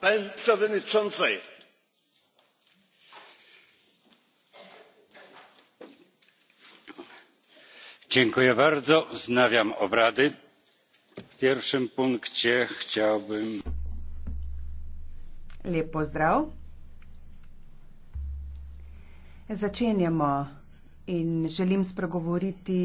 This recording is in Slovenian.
pani przewodnicząca! dziękuję bardzo. wznawiam obrady. w pierwszym punkcie chciałbym. lep pozdrav! začenjamo in želim spregovoriti